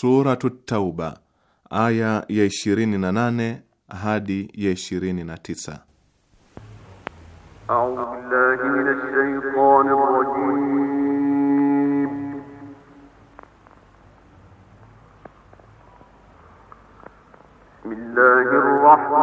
Suratut Tauba aya ya 28 hadi ya 29. A'udhu billahi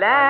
la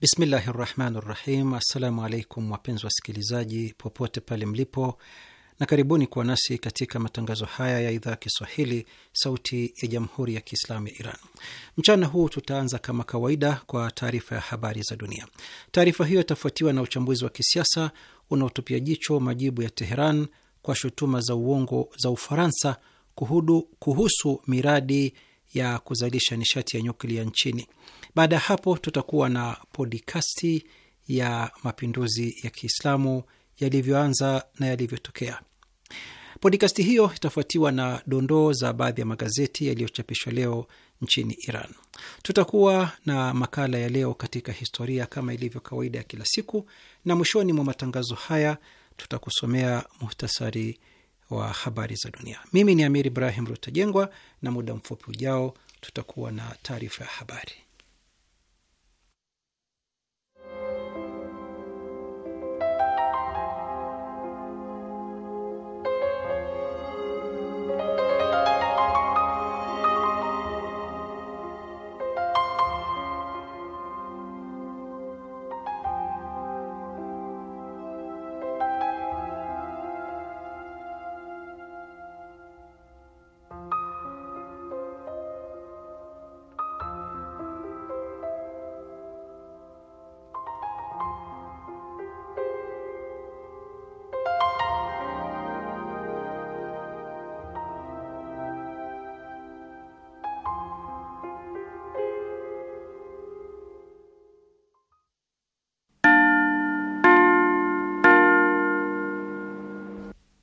Bismillahi rahmani rahim. Assalamu alaikum wapenzi wasikilizaji popote pale mlipo, na karibuni kuwa nasi katika matangazo haya ya idhaa ya Kiswahili sauti ya jamhuri ya Kiislamu ya Iran. Mchana huu tutaanza kama kawaida kwa taarifa ya habari za dunia. Taarifa hiyo itafuatiwa na uchambuzi wa kisiasa unaotupia jicho majibu ya Teheran kwa shutuma za uongo za Ufaransa kuhudu, kuhusu miradi ya kuzalisha nishati ya nyuklia nchini baada ya hapo, tutakuwa na podikasti ya mapinduzi ya Kiislamu yalivyoanza na yalivyotokea. Podikasti hiyo itafuatiwa na dondoo za baadhi ya magazeti yaliyochapishwa leo nchini Iran. Tutakuwa na makala ya leo katika historia kama ilivyo kawaida ya kila siku, na mwishoni mwa matangazo haya tutakusomea muhtasari wa habari za dunia. Mimi ni Amir Ibrahim Rutajengwa, na muda mfupi ujao tutakuwa na taarifa ya habari.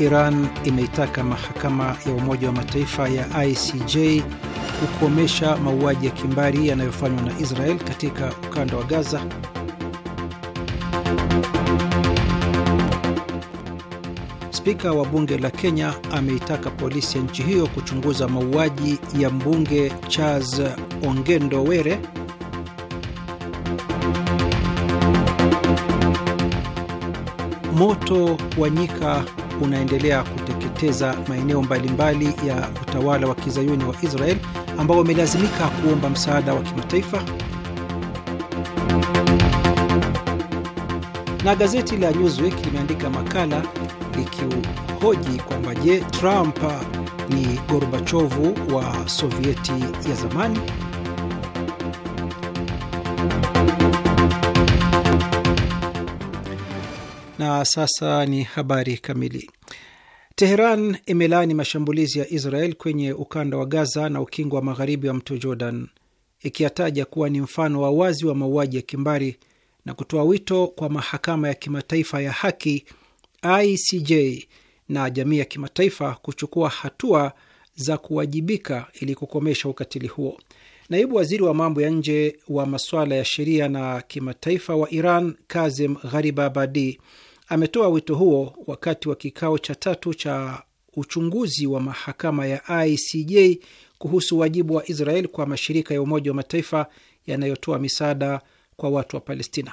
Iran imeitaka mahakama ya Umoja wa Mataifa ya ICJ kukomesha mauaji ya kimbari yanayofanywa na Israel katika ukanda wa Gaza. Spika wa bunge la Kenya ameitaka polisi ya nchi hiyo kuchunguza mauaji ya mbunge Charles Ongendo Were. Moto wa nyika unaendelea kuteketeza maeneo mbalimbali ya utawala wa kizayuni wa Israel ambao wamelazimika kuomba msaada wa kimataifa. Na gazeti la Newsweek limeandika makala likihoji kwamba je, Trump ni Gorbachovu wa Sovieti ya zamani? Na sasa ni habari kamili. Teheran imelaani mashambulizi ya Israel kwenye ukanda wa Gaza na ukingo wa magharibi wa mto Jordan, ikiyataja kuwa ni mfano wa wazi wa mauaji ya kimbari na kutoa wito kwa mahakama ya kimataifa ya haki ICJ na jamii ya kimataifa kuchukua hatua za kuwajibika ili kukomesha ukatili huo. Naibu waziri wa mambo ya nje wa masuala ya sheria na kimataifa wa Iran, Kazim Gharibabadi, Ametoa wito huo wakati wa kikao cha tatu cha uchunguzi wa mahakama ya ICJ kuhusu wajibu wa Israel kwa mashirika ya Umoja wa Mataifa yanayotoa misaada kwa watu wa Palestina.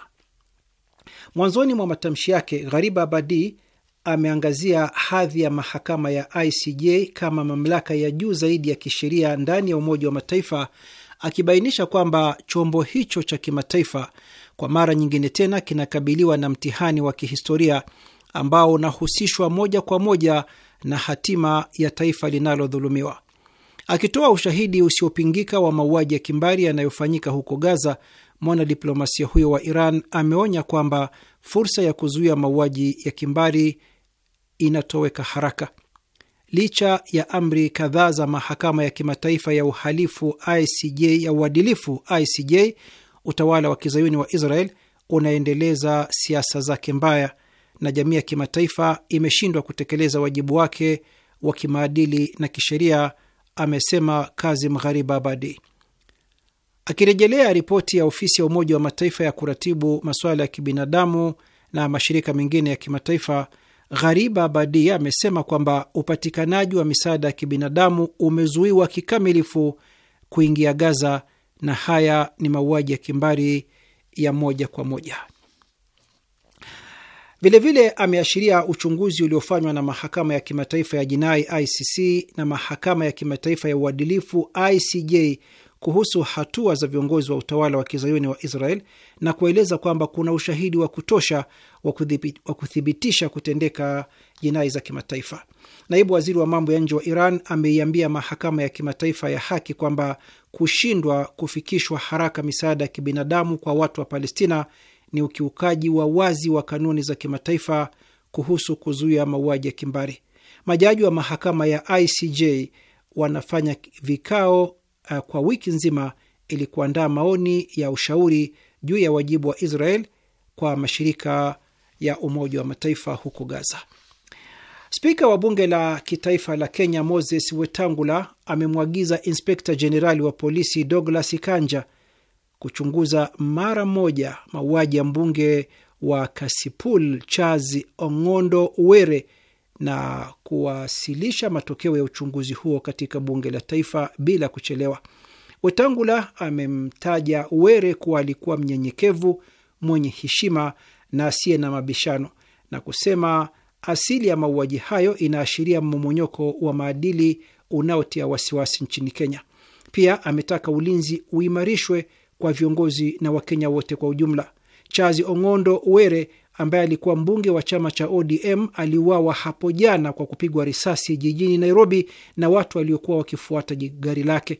Mwanzoni mwa matamshi yake, Ghariba Abadi ameangazia hadhi ya mahakama ya ICJ kama mamlaka ya juu zaidi ya kisheria ndani ya Umoja wa Mataifa, akibainisha kwamba chombo hicho cha kimataifa kwa mara nyingine tena kinakabiliwa na mtihani wa kihistoria ambao unahusishwa moja kwa moja na hatima ya taifa linalodhulumiwa. Akitoa ushahidi usiopingika wa mauaji ya kimbari yanayofanyika huko Gaza, mwanadiplomasia huyo wa Iran ameonya kwamba fursa ya kuzuia mauaji ya kimbari inatoweka haraka. Licha ya amri kadhaa za mahakama ya kimataifa ya uhalifu ICJ ya uadilifu ICJ utawala wa kizayuni wa Israel unaendeleza siasa zake mbaya na jamii ya kimataifa imeshindwa kutekeleza wajibu wake wa kimaadili na kisheria, amesema Kazim Abadi akirejelea ripoti ya ofisi ya Umoja wa Mataifa ya kuratibu masuala ya kibinadamu na mashirika mengine ya kimataifa. Ghariba Abadi amesema kwamba upatikanaji wa misaada ya kibinadamu umezuiwa kikamilifu kuingia Gaza na haya ni mauaji ya kimbari ya moja kwa moja. Vilevile ameashiria uchunguzi uliofanywa na mahakama ya kimataifa ya jinai ICC na mahakama ya kimataifa ya uadilifu ICJ kuhusu hatua za viongozi wa utawala wa kizayuni wa Israel na kueleza kwamba kuna ushahidi wa kutosha wa kuthibitisha kutendeka jinai za kimataifa. Naibu waziri wa mambo ya nje wa Iran ameiambia mahakama ya kimataifa ya haki kwamba kushindwa kufikishwa haraka misaada ya kibinadamu kwa watu wa Palestina ni ukiukaji wa wazi wa kanuni za kimataifa kuhusu kuzuia mauaji ya kimbari. Majaji wa mahakama ya ICJ wanafanya vikao uh, kwa wiki nzima ili kuandaa maoni ya ushauri juu ya wajibu wa Israel kwa mashirika ya Umoja wa Mataifa huko Gaza. Spika wa bunge la kitaifa la Kenya Moses Wetangula amemwagiza inspekta jenerali wa polisi Douglas Kanja kuchunguza mara moja mauaji ya mbunge wa Kasipul Charles Ong'ondo Were na kuwasilisha matokeo ya uchunguzi huo katika bunge la taifa bila kuchelewa. Wetangula amemtaja Were kuwa alikuwa mnyenyekevu, mwenye heshima na asiye na mabishano na kusema Asili ya mauaji hayo inaashiria mmomonyoko wa maadili unaotia wasiwasi nchini Kenya. Pia ametaka ulinzi uimarishwe kwa viongozi na Wakenya wote kwa ujumla. Chazi Ong'ondo Were ambaye alikuwa mbunge wa chama cha ODM aliuawa hapo jana kwa kupigwa risasi jijini Nairobi na watu waliokuwa wakifuata gari lake.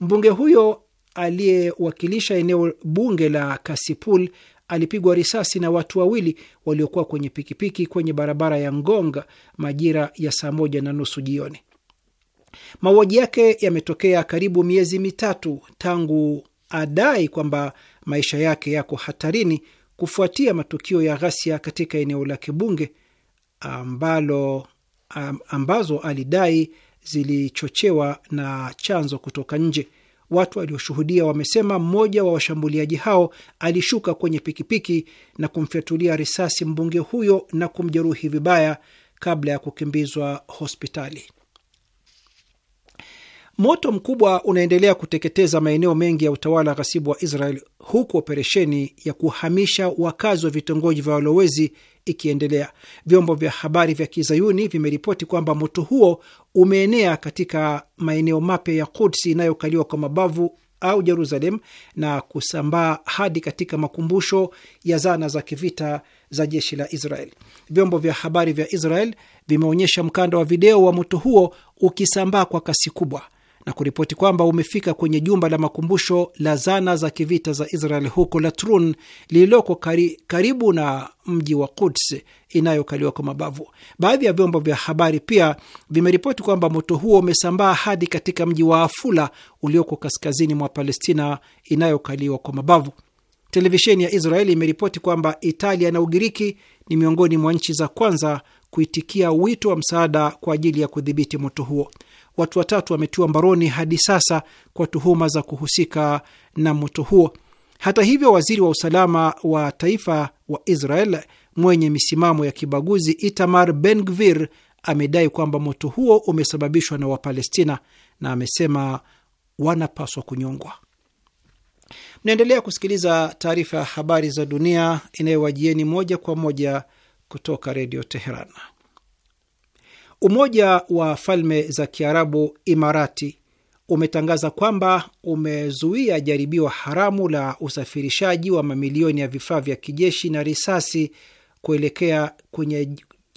Mbunge huyo aliyewakilisha eneo bunge la Kasipul alipigwa risasi na watu wawili waliokuwa kwenye pikipiki kwenye barabara ya Ngonga majira ya saa moja na nusu jioni. Mauaji yake yametokea karibu miezi mitatu tangu adai kwamba maisha yake yako hatarini kufuatia matukio ya ghasia katika eneo la kibunge ambalo ambazo alidai zilichochewa na chanzo kutoka nje. Watu walioshuhudia wamesema mmoja wa washambuliaji hao alishuka kwenye pikipiki na kumfyatulia risasi mbunge huyo na kumjeruhi vibaya kabla ya kukimbizwa hospitali. Moto mkubwa unaendelea kuteketeza maeneo mengi ya utawala ghasibu wa Israel huku operesheni ya kuhamisha wakazi wa vitongoji vya walowezi ikiendelea. Vyombo vya habari vya kizayuni vimeripoti kwamba moto huo umeenea katika maeneo mapya ya Kudsi inayokaliwa kwa mabavu au Jerusalem na kusambaa hadi katika makumbusho ya zana za kivita za jeshi la Israel. Vyombo vya habari vya Israel vimeonyesha mkanda wa video wa moto huo ukisambaa kwa kasi kubwa na kuripoti kwamba umefika kwenye jumba la makumbusho la zana za kivita za Israel huko Latrun lililoko kari, karibu na mji wa Quds inayokaliwa kwa mabavu. Baadhi ya vyombo vya habari pia vimeripoti kwamba moto huo umesambaa hadi katika mji wa Afula ulioko kaskazini mwa Palestina inayokaliwa kwa mabavu. Televisheni ya Israeli imeripoti kwamba Italia na Ugiriki ni miongoni mwa nchi za kwanza kuitikia wito wa msaada kwa ajili ya kudhibiti moto huo watu watatu wametiwa mbaroni hadi sasa kwa tuhuma za kuhusika na moto huo. Hata hivyo, waziri wa usalama wa taifa wa Israel mwenye misimamo ya kibaguzi Itamar Ben Gvir amedai kwamba moto huo umesababishwa na Wapalestina na amesema wanapaswa kunyongwa. Mnaendelea kusikiliza taarifa ya habari za dunia inayowajieni moja kwa moja kutoka Redio Teheran. Umoja wa Falme za Kiarabu, Imarati, umetangaza kwamba umezuia jaribio haramu la usafirishaji wa mamilioni ya vifaa vya kijeshi na risasi kuelekea kwenye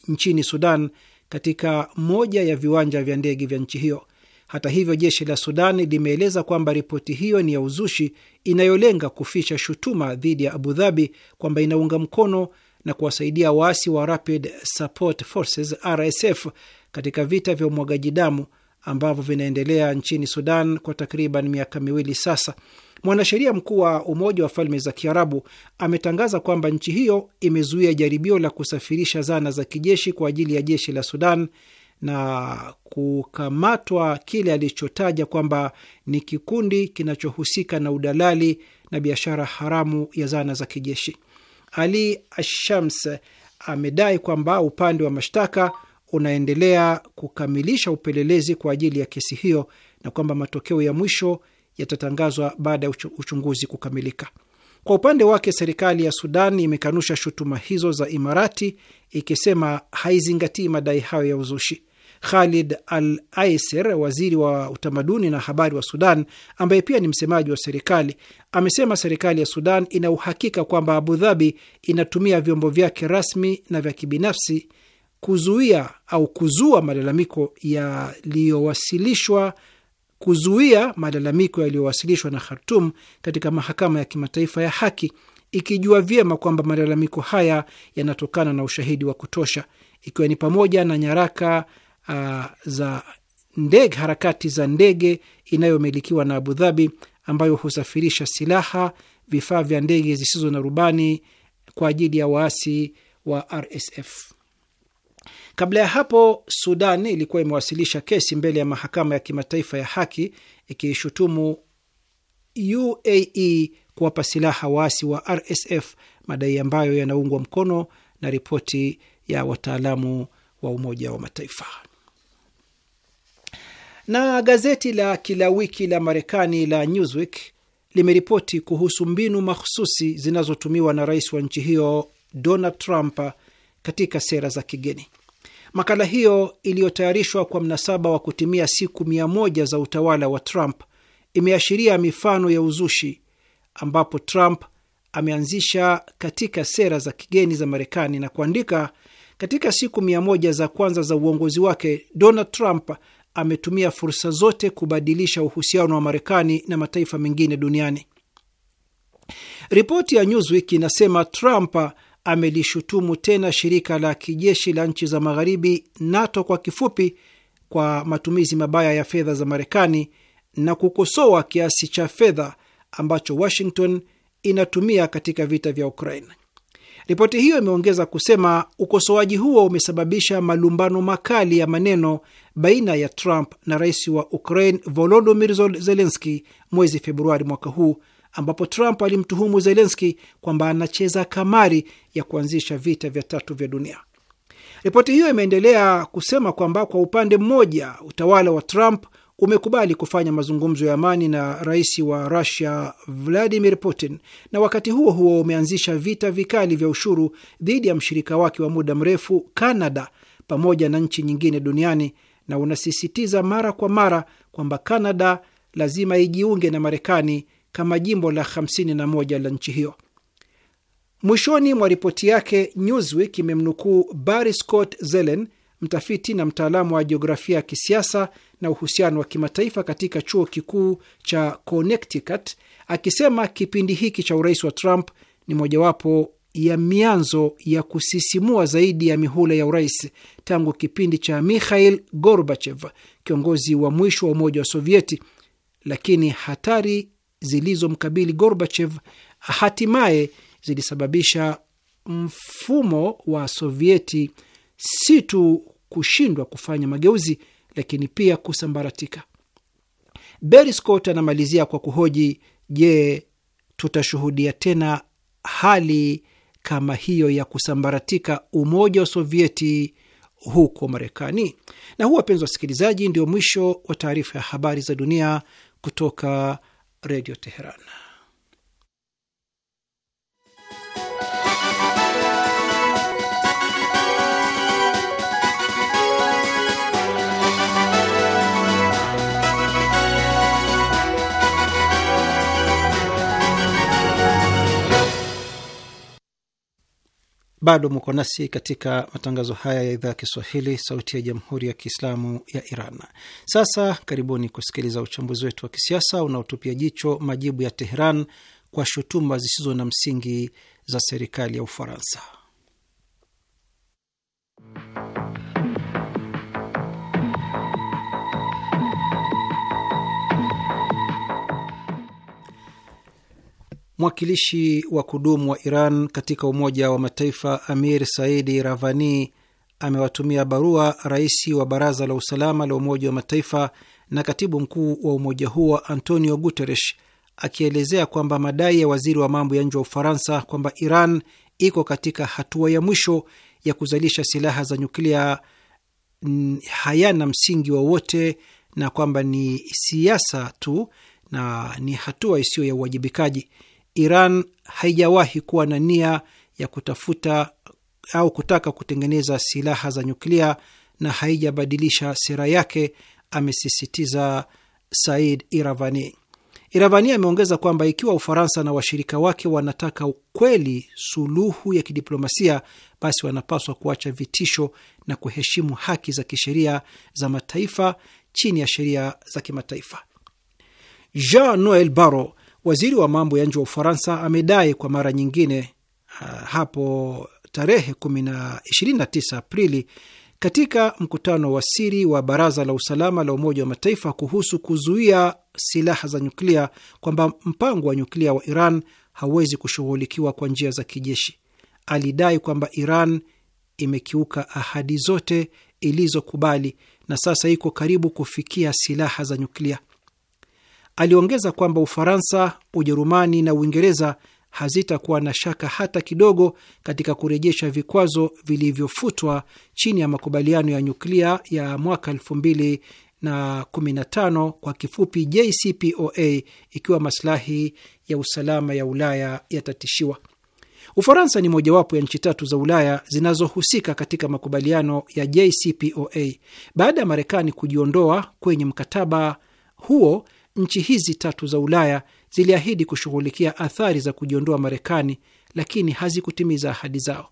nchini Sudan katika moja ya viwanja vya ndege vya nchi hiyo. Hata hivyo, jeshi la Sudan limeeleza kwamba ripoti hiyo ni ya uzushi inayolenga kuficha shutuma dhidi ya Abu Dhabi kwamba inaunga mkono na kuwasaidia waasi wa Rapid Support Forces RSF katika vita vya umwagaji damu ambavyo vinaendelea nchini Sudan kwa takriban miaka miwili sasa. Mwanasheria mkuu wa Umoja wa Falme za Kiarabu ametangaza kwamba nchi hiyo imezuia jaribio la kusafirisha zana za kijeshi kwa ajili ya jeshi la Sudan na kukamatwa kile alichotaja kwamba ni kikundi kinachohusika na udalali na biashara haramu ya zana za kijeshi. Ali Ashams amedai kwamba upande wa mashtaka unaendelea kukamilisha upelelezi kwa ajili ya kesi hiyo na kwamba matokeo ya mwisho yatatangazwa baada ya uchunguzi kukamilika. Kwa upande wake, serikali ya Sudan imekanusha shutuma hizo za Imarati ikisema haizingatii madai hayo ya uzushi. Khalid Al Aiser, waziri wa utamaduni na habari wa Sudan, ambaye pia ni msemaji wa serikali, amesema serikali ya Sudan ina uhakika kwamba Abu Dhabi inatumia vyombo vyake rasmi na vya kibinafsi kuzuia au kuzua malalamiko yaliyowasilishwa kuzuia malalamiko yaliyowasilishwa na Khartum katika mahakama ya kimataifa ya haki ikijua vyema kwamba malalamiko haya yanatokana na ushahidi wa kutosha ikiwa ni pamoja na nyaraka uh, za ndege, harakati za ndege inayomilikiwa na Abu Dhabi ambayo husafirisha silaha, vifaa vya ndege zisizo na rubani kwa ajili ya waasi wa RSF. Kabla ya hapo, Sudan ilikuwa imewasilisha kesi mbele ya mahakama ya kimataifa ya haki ikishutumu UAE kuwapa silaha waasi wa RSF, madai ambayo yanaungwa mkono na ripoti ya wataalamu wa Umoja wa Mataifa. Na gazeti la kila wiki la Marekani la Newsweek limeripoti kuhusu mbinu makhususi zinazotumiwa na rais wa nchi hiyo Donald Trump katika sera za kigeni. Makala hiyo iliyotayarishwa kwa mnasaba wa kutimia siku mia moja za utawala wa Trump imeashiria mifano ya uzushi ambapo Trump ameanzisha katika sera za kigeni za Marekani na kuandika, katika siku mia moja za kwanza za uongozi wake Donald Trump ametumia fursa zote kubadilisha uhusiano wa Marekani na mataifa mengine duniani. Ripoti ya Newsweek inasema Trump amelishutumu tena shirika la kijeshi la nchi za magharibi NATO kwa kifupi, kwa matumizi mabaya ya fedha za Marekani na kukosoa kiasi cha fedha ambacho Washington inatumia katika vita vya Ukraine. Ripoti hiyo imeongeza kusema ukosoaji huo umesababisha malumbano makali ya maneno baina ya Trump na rais wa Ukraine Volodymyr Zelensky mwezi Februari mwaka huu, ambapo Trump alimtuhumu Zelensky kwamba anacheza kamari ya kuanzisha vita vya tatu vya dunia. Ripoti hiyo imeendelea kusema kwamba kwa upande mmoja, utawala wa Trump umekubali kufanya mazungumzo ya amani na rais wa Rusia Vladimir Putin, na wakati huo huo umeanzisha vita vikali vya ushuru dhidi ya mshirika wake wa muda mrefu Canada pamoja na nchi nyingine duniani, na unasisitiza mara kwa mara kwamba Canada lazima ijiunge na Marekani kama jimbo la 51 la nchi hiyo. Mwishoni mwa ripoti yake, Newsweek imemnukuu Barry Scott Zelen, mtafiti na mtaalamu wa jiografia ya kisiasa na uhusiano wa kimataifa katika chuo kikuu cha Connecticut, akisema kipindi hiki cha urais wa Trump ni mojawapo ya mianzo ya kusisimua zaidi ya mihula ya urais tangu kipindi cha Mikhail Gorbachev, kiongozi wa mwisho wa Umoja wa Sovieti. Lakini hatari zilizomkabili Gorbachev hatimaye zilisababisha mfumo wa Sovieti si tu kushindwa kufanya mageuzi lakini pia kusambaratika. Barry Scott anamalizia kwa kuhoji, je, tutashuhudia tena hali kama hiyo ya kusambaratika umoja wa Sovieti huko Marekani? Na huu, wapenzi wasikilizaji, ndio mwisho wa taarifa ya habari za dunia kutoka Redio Teheran. Bado mko nasi katika matangazo haya ya idhaa ya Kiswahili, sauti ya jamhuri ya kiislamu ya Iran. Sasa karibuni kusikiliza uchambuzi wetu wa kisiasa unaotupia jicho majibu ya Teheran kwa shutuma zisizo na msingi za serikali ya Ufaransa. Mwakilishi wa kudumu wa Iran katika Umoja wa Mataifa Amir Saidi Ravani amewatumia barua rais wa Baraza la Usalama la Umoja wa Mataifa na katibu mkuu wa umoja huo Antonio Guterres akielezea kwamba madai ya waziri wa mambo ya nje wa Ufaransa kwamba Iran iko katika hatua ya mwisho ya kuzalisha silaha za nyuklia mm, hayana msingi wowote na kwamba ni siasa tu na ni hatua isiyo ya uwajibikaji. Iran haijawahi kuwa na nia ya kutafuta au kutaka kutengeneza silaha za nyuklia na haijabadilisha sera yake, amesisitiza Said Iravani. Iravani ameongeza kwamba ikiwa Ufaransa na washirika wake wanataka ukweli suluhu ya kidiplomasia, basi wanapaswa kuacha vitisho na kuheshimu haki za kisheria za mataifa chini ya sheria za kimataifa. Jean Noel Barrot Waziri wa mambo ya nje wa Ufaransa amedai kwa mara nyingine hapo tarehe 29 Aprili katika mkutano wa siri wa Baraza la Usalama la Umoja wa Mataifa kuhusu kuzuia silaha za nyuklia kwamba mpango wa nyuklia wa Iran hauwezi kushughulikiwa kwa njia za kijeshi. Alidai kwamba Iran imekiuka ahadi zote ilizokubali na sasa iko karibu kufikia silaha za nyuklia. Aliongeza kwamba Ufaransa, Ujerumani na Uingereza hazitakuwa na shaka hata kidogo katika kurejesha vikwazo vilivyofutwa chini ya makubaliano ya nyuklia ya mwaka 2015 kwa kifupi JCPOA, ikiwa masilahi ya usalama ya Ulaya yatatishiwa. Ufaransa ni mojawapo ya nchi tatu za Ulaya zinazohusika katika makubaliano ya JCPOA. Baada ya Marekani kujiondoa kwenye mkataba huo nchi hizi tatu za Ulaya ziliahidi kushughulikia athari za kujiondoa Marekani, lakini hazikutimiza ahadi zao.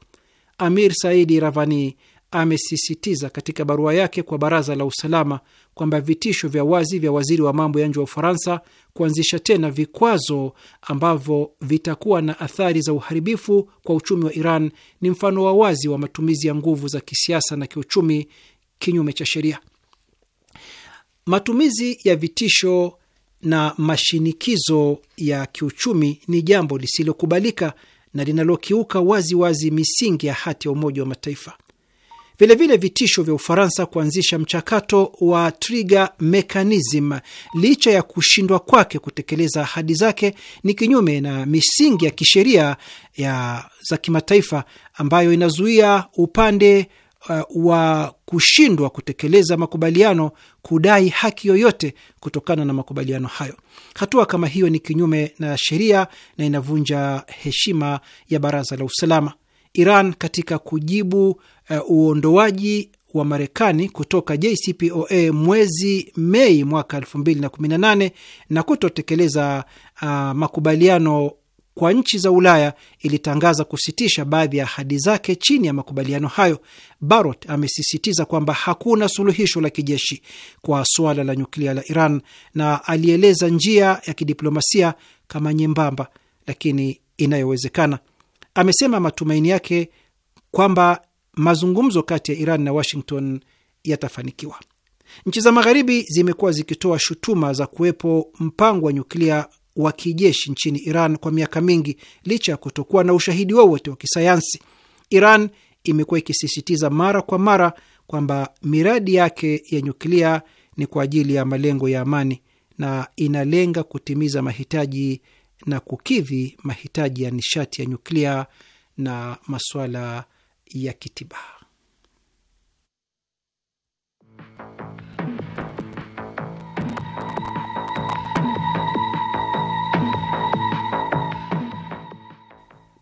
Amir Saidi Ravani amesisitiza katika barua yake kwa Baraza la Usalama kwamba vitisho vya wazi vya waziri wa mambo ya nje wa Ufaransa kuanzisha tena vikwazo ambavyo vitakuwa na athari za uharibifu kwa uchumi wa Iran ni mfano wa wazi wa matumizi ya nguvu za kisiasa na kiuchumi kinyume cha sheria. Matumizi ya vitisho na mashinikizo ya kiuchumi ni jambo lisilokubalika na linalokiuka wazi wazi misingi ya hati ya Umoja wa Mataifa. Vilevile vile vitisho vya Ufaransa kuanzisha mchakato wa trigger mechanism licha ya kushindwa kwake kutekeleza ahadi zake ni kinyume na misingi ya kisheria ya za kimataifa ambayo inazuia upande uh, wa kushindwa kutekeleza makubaliano kudai haki yoyote kutokana na makubaliano hayo. Hatua kama hiyo ni kinyume na sheria na inavunja heshima ya Baraza la Usalama. Iran katika kujibu uh, uondoaji wa Marekani kutoka JCPOA mwezi Mei mwaka 2018 na kutotekeleza uh, makubaliano kwa nchi za Ulaya ilitangaza kusitisha baadhi ya ahadi zake chini ya makubaliano hayo. Barot amesisitiza kwamba hakuna suluhisho la kijeshi kwa suala la nyuklia la Iran na alieleza njia ya kidiplomasia kama nyembamba, lakini inayowezekana. Amesema matumaini yake kwamba mazungumzo kati ya Iran na Washington yatafanikiwa. Nchi za Magharibi zimekuwa zikitoa shutuma za kuwepo mpango wa nyuklia wa kijeshi nchini Iran kwa miaka mingi, licha ya kutokuwa na ushahidi wowote wa, kisayansi. Iran imekuwa ikisisitiza mara kwa mara kwamba miradi yake ya nyuklia ni kwa ajili ya malengo ya amani na inalenga kutimiza mahitaji na kukidhi mahitaji ya nishati ya nyuklia na masuala ya kitibaa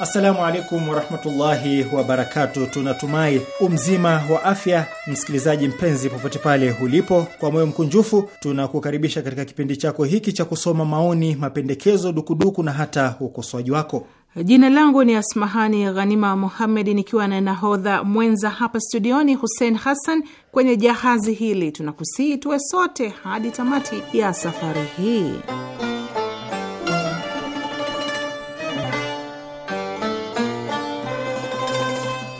Assalamu alaikum warahmatullahi wabarakatu. Tunatumai umzima wa afya, msikilizaji mpenzi, popote pale ulipo. Kwa moyo mkunjufu tunakukaribisha katika kipindi chako hiki cha kusoma maoni, mapendekezo, dukuduku na hata ukosoaji wako. Jina langu ni Asmahani Ghanima Muhammed, nikiwa na nahodha mwenza hapa studioni Hussein Hassan. Kwenye jahazi hili tunakusihi tuwe sote hadi tamati ya safari hii.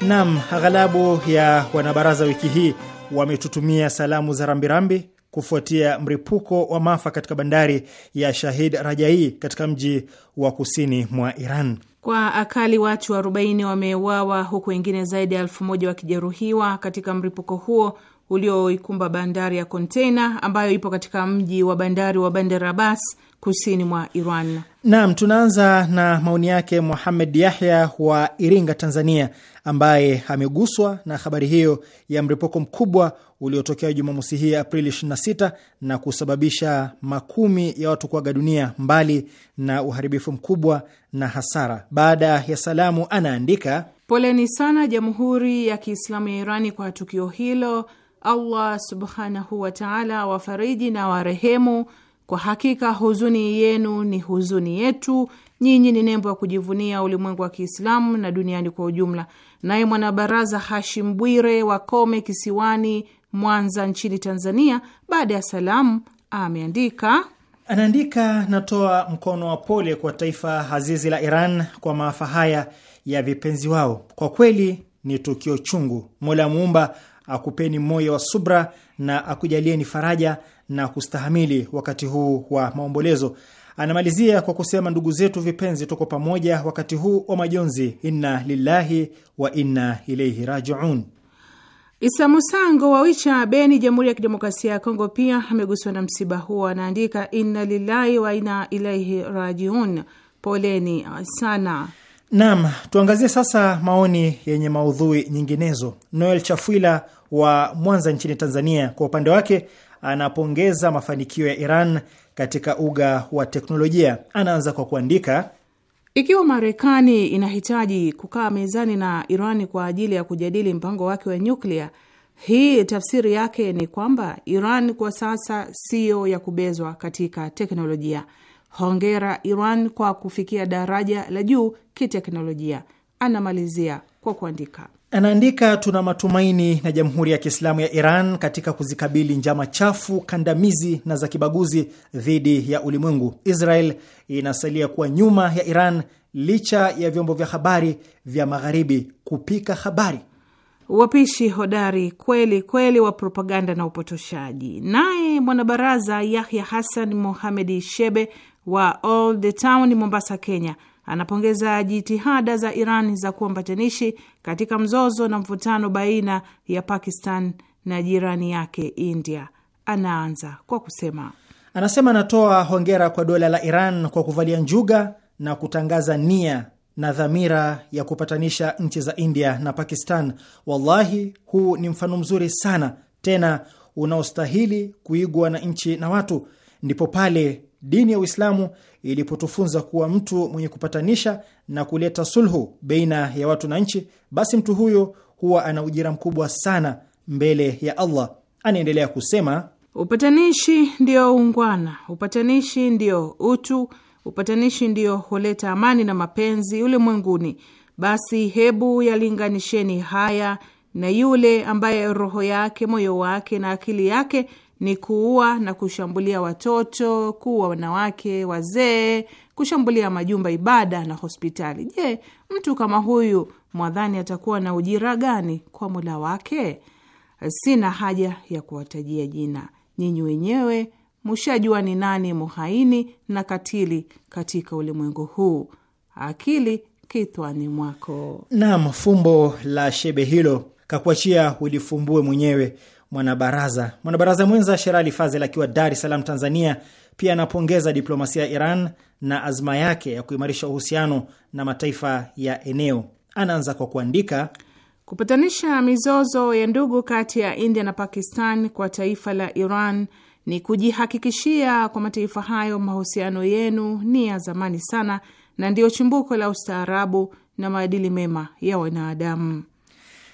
Nam, aghalabu ya wanabaraza wiki hii wametutumia salamu za rambirambi kufuatia mripuko wa maafa katika bandari ya Shahid Rajai katika mji wa kusini mwa Iran. Kwa akali watu 40 wameuawa huku wengine zaidi ya elfu moja wakijeruhiwa katika mripuko huo ulioikumba bandari ya konteina ambayo ipo katika mji wa bandari wa Bandar Abbas kusini mwa Iran. Naam, tunaanza na maoni yake Muhamed Yahya wa Iringa, Tanzania, ambaye ameguswa na habari hiyo ya mripuko mkubwa uliotokea Jumamosi hii Aprili 26 na kusababisha makumi ya watu kuaga dunia, mbali na uharibifu mkubwa na hasara. Baada ya salamu, anaandika poleni sana Jamhuri ya Kiislamu ya Irani kwa tukio hilo. Allah subhanahu wataala wafariji na warehemu kwa hakika huzuni yenu ni huzuni yetu, nyinyi ni nembo ya kujivunia ulimwengu wa Kiislamu na duniani kwa ujumla. Naye mwanabaraza Hashim Bwire wa Kome Kisiwani, Mwanza nchini Tanzania, baada ya salamu ameandika anaandika natoa mkono wa pole kwa taifa hazizi la Iran kwa maafa haya ya vipenzi wao. Kwa kweli ni tukio chungu. Mola Muumba akupeni moyo wa subra na akujalieni faraja na kustahamili wakati huu wa maombolezo. Anamalizia kwa kusema, ndugu zetu vipenzi, tuko pamoja wakati huu wa majonzi, inna lillahi wa inna ilaihi rajiun. Isa Musango wa Wicha Beni, Jamhuri ya Kidemokrasia ya Kongo, pia ameguswa na msiba huo. Anaandika, inna lillahi wa inna ilaihi rajiun. Poleni sana. Naam, tuangazie sasa maoni yenye maudhui nyinginezo. Noel Chafwila wa Mwanza nchini Tanzania, kwa upande wake anapongeza mafanikio ya Iran katika uga wa teknolojia. Anaanza kwa kuandika, ikiwa Marekani inahitaji kukaa mezani na iran kwa ajili ya kujadili mpango wake wa nyuklia, hii tafsiri yake ni kwamba Iran kwa sasa siyo ya kubezwa katika teknolojia. Hongera Iran kwa kufikia daraja la juu kiteknolojia. Anamalizia kwa kuandika Anaandika, tuna matumaini na Jamhuri ya Kiislamu ya Iran katika kuzikabili njama chafu, kandamizi na za kibaguzi dhidi ya ulimwengu. Israel inasalia kuwa nyuma ya Iran licha ya vyombo vya habari vya magharibi kupika habari. Wapishi hodari kweli kweli wa propaganda na upotoshaji. Naye mwanabaraza Yahya Hassan Mohamedi Shebe wa Old Town, Mombasa, Kenya Anapongeza jitihada za Iran za kuwa mpatanishi katika mzozo na mvutano baina ya Pakistan na jirani yake India. Anaanza kwa kusema, anasema anatoa hongera kwa dola la Iran kwa kuvalia njuga na kutangaza nia na dhamira ya kupatanisha nchi za India na Pakistan. Wallahi, huu ni mfano mzuri sana tena unaostahili kuigwa na nchi na watu. Ndipo pale dini ya Uislamu ilipotufunza kuwa mtu mwenye kupatanisha na kuleta sulhu baina ya watu na nchi, basi mtu huyo huwa ana ujira mkubwa sana mbele ya Allah. Anaendelea kusema, upatanishi ndio uungwana, upatanishi ndio utu, upatanishi ndio huleta amani na mapenzi ulimwenguni. Basi hebu yalinganisheni haya na yule ambaye roho yake, moyo wake na akili yake ni kuua na kushambulia watoto, kuua wanawake, wazee, kushambulia majumba ibada na hospitali. Je, mtu kama huyu mwadhani atakuwa na ujira gani kwa mula wake? Sina haja ya kuwatajia jina, nyinyi wenyewe mshajua ni nani muhaini na katili katika ulimwengu huu. Akili kitwani mwako. Naam, fumbo la shebe hilo kakuachia ulifumbue mwenyewe mwanabaraza mwanabaraza mwenza Sherali Fazel akiwa Dar es Salaam, Tanzania, pia anapongeza diplomasia ya Iran na azma yake ya kuimarisha uhusiano na mataifa ya eneo. Anaanza kwa kuandika kupatanisha mizozo ya ndugu kati ya India na Pakistan kwa taifa la Iran ni kujihakikishia kwa mataifa hayo mahusiano yenu ni ya zamani sana na ndiyo chimbuko la ustaarabu na maadili mema ya wanadamu.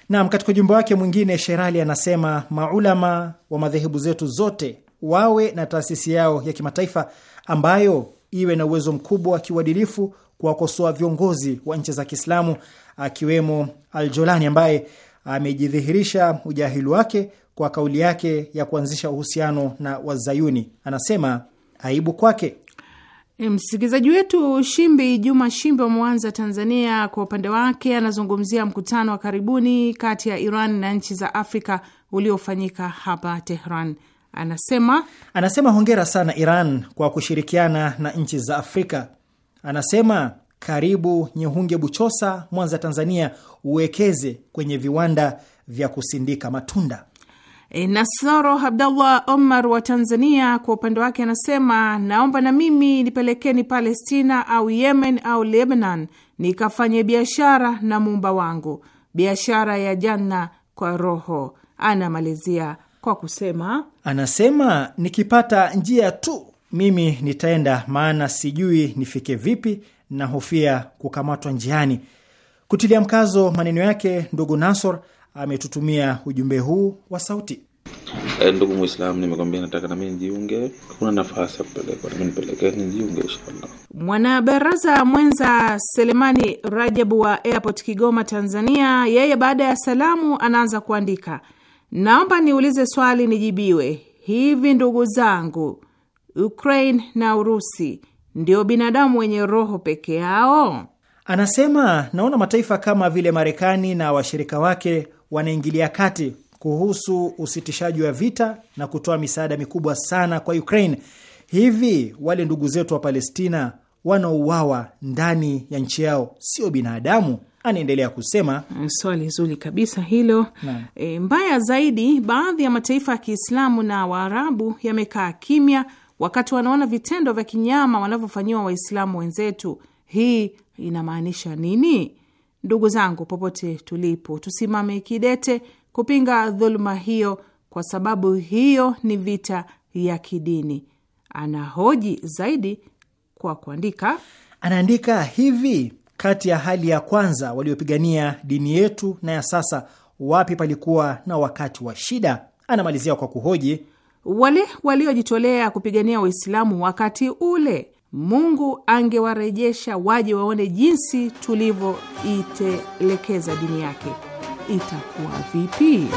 Naam, katika ujumbe wake mwingine Sherali anasema maulama wa madhehebu zetu zote wawe na taasisi yao ya kimataifa ambayo iwe na uwezo mkubwa wa kiuadilifu kuwakosoa viongozi wa nchi za Kiislamu akiwemo Aljolani ambaye amejidhihirisha ujahili wake kwa kauli yake ya kuanzisha uhusiano na Wazayuni. Anasema aibu kwake Eh, msikilizaji wetu Shimbi Juma Shimbi wa Mwanza, Tanzania, kwa upande wake anazungumzia mkutano wa karibuni kati ya Iran na nchi za Afrika uliofanyika hapa Tehran. Anasema anasema hongera sana Iran kwa kushirikiana na nchi za Afrika. Anasema karibu Nyehunge Buchosa, Mwanza, Tanzania, uwekeze kwenye viwanda vya kusindika matunda. E, Nasoro Abdallah Omar wa Tanzania kwa upande wake anasema, naomba na mimi nipelekeni Palestina au Yemen au Lebanon nikafanye biashara na muumba wangu, biashara ya janna kwa roho. Anamalizia kwa kusema, anasema nikipata njia tu mimi nitaenda, maana sijui nifike vipi, na hofia kukamatwa njiani. Kutilia mkazo maneno yake ndugu Nasor ametutumia ujumbe huu wa sauti. E, ndugu Mwislamu, nimekwambia nataka nami nijiunge. Kuna nafasi ya kupelekwa nami nipelekee, nijiunge inshallah. Mwanabaraza mwenza Selemani Rajabu wa Airport Kigoma, Tanzania, yeye baada ya salamu anaanza kuandika, naomba niulize swali nijibiwe. Hivi ndugu zangu, Ukraine na Urusi ndio binadamu wenye roho peke yao? Anasema naona mataifa kama vile Marekani na washirika wake wanaingilia kati kuhusu usitishaji wa vita na kutoa misaada mikubwa sana kwa Ukraine. Hivi wale ndugu zetu wa Palestina wanaouawa ndani ya nchi yao sio binadamu? Anaendelea kusema mm, swali zuri kabisa hilo. E, mbaya zaidi, baadhi ya mataifa ya Kiislamu na Waarabu yamekaa kimya wakati wanaona vitendo vya kinyama wanavyofanyiwa Waislamu wenzetu. Hii inamaanisha nini? Ndugu zangu, popote tulipo, tusimame kidete kupinga dhuluma hiyo, kwa sababu hiyo ni vita ya kidini. Anahoji zaidi kwa kuandika, anaandika hivi: kati ya hali ya kwanza waliopigania dini yetu na ya sasa, wapi palikuwa na wakati wa shida? Anamalizia kwa kuhoji wale waliojitolea kupigania Uislamu wakati ule Mungu angewarejesha waje waone jinsi tulivyoitelekeza dini yake, itakuwa vipi?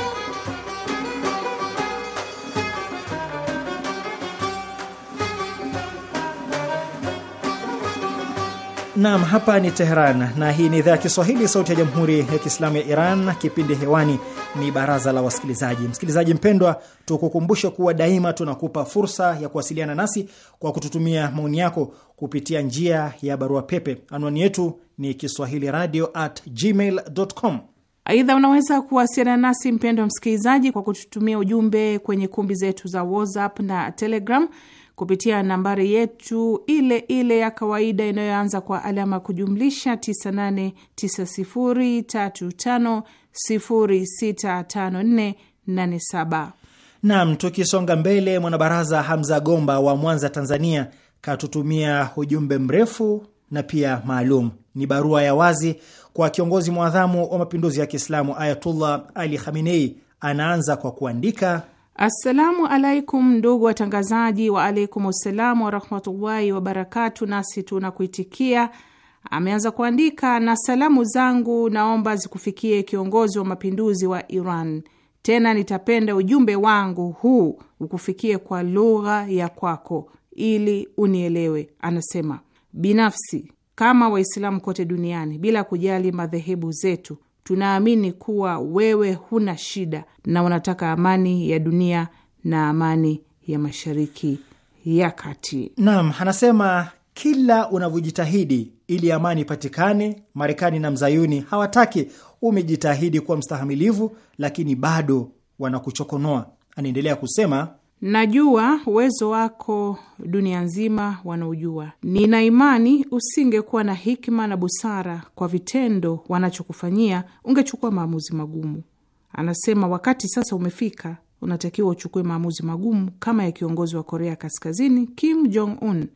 Naam, hapa ni Teheran na hii ni idhaa ya Kiswahili, sauti ya jamhuri ya kiislamu ya Iran. Kipindi hewani ni baraza la wasikilizaji. Msikilizaji mpendwa, tukukumbushe kuwa daima tunakupa fursa ya kuwasiliana nasi kwa kututumia maoni yako kupitia njia ya barua pepe. Anwani yetu ni kiswahili radio at gmail com. Aidha, unaweza kuwasiliana nasi mpendwa msikilizaji, kwa kututumia ujumbe kwenye kumbi zetu za WhatsApp na Telegram kupitia nambari yetu ile ile ya kawaida inayoanza kwa alama kujumlisha 989035065487. Naam, tukisonga mbele, mwanabaraza Hamza Gomba wa Mwanza, Tanzania, katutumia ujumbe mrefu na pia maalum. Ni barua ya wazi kwa kiongozi mwadhamu wa mapinduzi ya Kiislamu Ayatullah Ali Khamenei. Anaanza kwa kuandika Assalamu alaikum ndugu watangazaji, wa alaikum wassalamu warahmatullahi wabarakatu. Nasi tuna kuitikia ameanza kuandika na salamu zangu naomba zikufikie kiongozi wa mapinduzi wa Iran. Tena nitapenda ujumbe wangu huu ukufikie kwa lugha ya kwako ili unielewe. Anasema binafsi, kama Waislamu kote duniani bila kujali madhehebu zetu, tunaamini kuwa wewe huna shida na unataka amani ya dunia na amani ya Mashariki ya Kati. Naam, anasema kila unavyojitahidi ili amani ipatikane, Marekani na mzayuni hawataki. Umejitahidi kuwa mstahamilivu, lakini bado wanakuchokonoa. Anaendelea kusema Najua uwezo wako, dunia nzima wanaojua. Nina imani usingekuwa na hikima na busara kwa vitendo wanachokufanyia, ungechukua maamuzi magumu. Anasema wakati sasa umefika, unatakiwa uchukue maamuzi magumu kama ya kiongozi wa Korea Kaskazini Kim Jong Un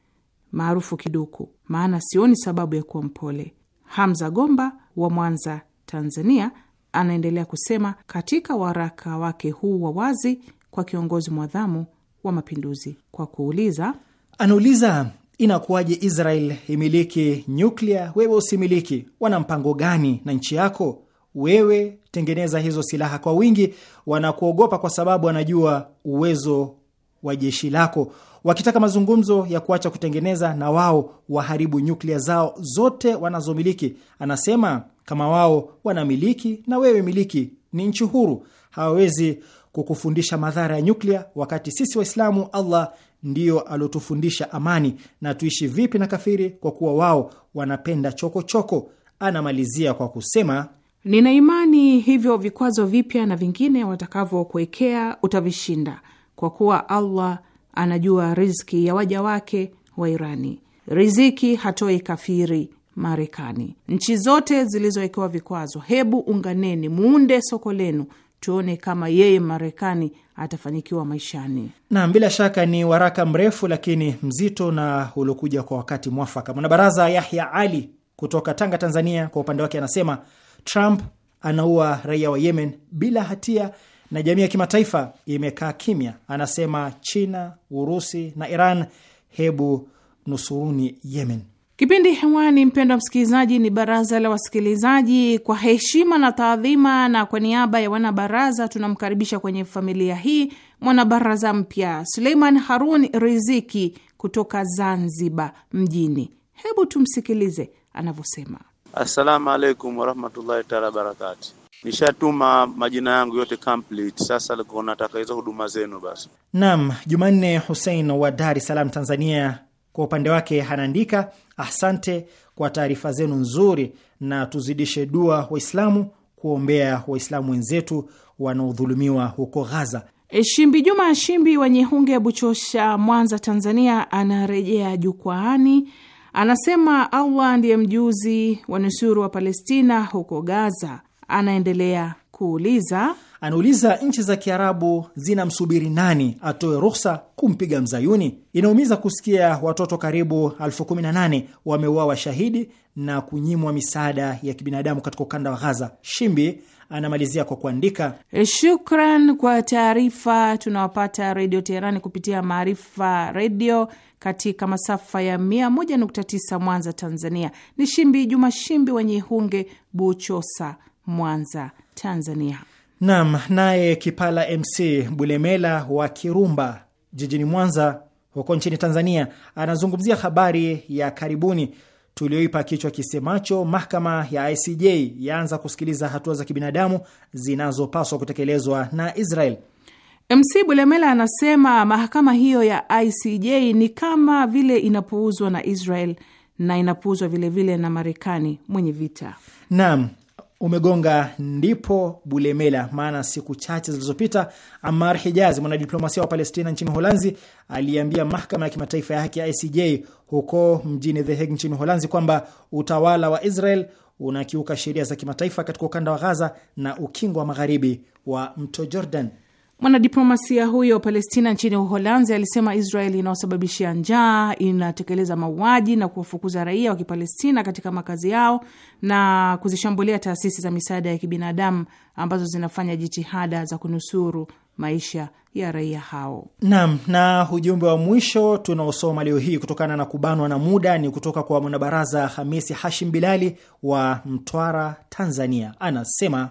maarufu Kiduku, maana sioni sababu ya kuwa mpole. Hamza Gomba wa Mwanza, Tanzania, anaendelea kusema katika waraka wake huu wa wazi kwa kiongozi mwadhamu wa mapinduzi kwa kuuliza, anauliza inakuwaje Israel imiliki nyuklia, wewe usimiliki? Wana mpango gani na nchi yako? Wewe tengeneza hizo silaha kwa wingi, wanakuogopa kwa sababu wanajua uwezo wa jeshi lako. Wakitaka mazungumzo ya kuacha kutengeneza, na wao waharibu nyuklia zao zote wanazomiliki. Anasema kama wao wanamiliki, na wewe miliki, ni nchi huru, hawawezi kukufundisha madhara ya nyuklia, wakati sisi Waislamu Allah ndiyo aliotufundisha amani na tuishi vipi na kafiri, kwa kuwa wao wanapenda chokochoko choko. Anamalizia kwa kusema nina imani hivyo vikwazo vipya na vingine watakavyokuwekea utavishinda, kwa kuwa Allah anajua riziki ya waja wake wa Irani. Riziki hatoi kafiri Marekani. Nchi zote zilizowekewa vikwazo, hebu unganeni, muunde soko lenu tuone kama yeye Marekani atafanikiwa maishani. Naam, bila shaka ni waraka mrefu lakini mzito na uliokuja kwa wakati mwafaka. Mwanabaraza Yahya Ali kutoka Tanga, Tanzania, kwa upande wake anasema Trump anaua raia wa Yemen bila hatia na jamii ya kimataifa imekaa kimya. Anasema China, Urusi na Iran, hebu nusuruni Yemen. Kipindi hewani, mpendo wa msikilizaji, ni baraza la wasikilizaji. Kwa heshima na taadhima na kwa niaba ya wanabaraza, tunamkaribisha kwenye familia hii mwanabaraza mpya Suleiman Harun Riziki kutoka Zanzibar mjini. Hebu tumsikilize anavyosema. Assalamu alaikum warahmatullahi taala wabarakatu. Nishatuma majina yangu yote complete. Sasa nataka hizo huduma zenu basi. Naam, Jumanne Hussein wa Dar es Salaam, Tanzania kwa upande wake anaandika, asante kwa taarifa zenu nzuri na tuzidishe dua Waislamu kuombea Waislamu wenzetu wanaodhulumiwa huko Ghaza. Eh, Shimbi Juma Shimbi wa Nyehunge, Buchosha, Mwanza, Tanzania, anarejea jukwaani. Anasema Allah ndiye mjuzi wa nusuru wa Palestina huko Gaza. Anaendelea kuuliza Anauliza, nchi za Kiarabu zinamsubiri nani atoe ruhusa kumpiga mzayuni? Inaumiza kusikia watoto karibu elfu kumi na nane wameuawa shahidi na kunyimwa misaada ya kibinadamu katika ukanda wa Ghaza. Shimbi anamalizia kwa kuandika, shukran kwa taarifa. Tunawapata Redio Teherani kupitia Maarifa Redio katika masafa ya 101.9 Mwanza, Tanzania. Ni Shimbi Juma Shimbi wenye hunge Buchosa, Mwanza, Tanzania. Nam naye Kipala MC Bulemela wa Kirumba jijini Mwanza huko nchini Tanzania anazungumzia habari ya karibuni tulioipa kichwa kisemacho mahakama ya ICJ yaanza kusikiliza hatua za kibinadamu zinazopaswa kutekelezwa na Israel. MC Bulemela anasema mahakama hiyo ya ICJ ni kama vile inapuuzwa na Israel na inapuuzwa vilevile na Marekani mwenye vita. Naam, umegonga ndipo bulemela, maana siku chache zilizopita amar Hijazi, mwanadiplomasia wa Palestina nchini Holanzi, aliambia mahakama ya kimataifa ya haki ya ICJ huko mjini The Hague nchini Holanzi kwamba utawala wa Israel unakiuka sheria za kimataifa katika ukanda wa Gaza na ukingo wa magharibi wa mto Jordan. Mwanadiplomasia huyo wa Palestina nchini Uholanzi alisema Israeli inaosababishia njaa, inatekeleza mauaji na kuwafukuza raia wa Kipalestina katika makazi yao na kuzishambulia taasisi za misaada ya kibinadamu ambazo zinafanya jitihada za kunusuru maisha ya raia hao. Naam, na ujumbe wa mwisho tunaosoma leo hii kutokana na kubanwa na muda ni kutoka kwa mwanabaraza Hamisi Hashim Bilali wa Mtwara, Tanzania. Anasema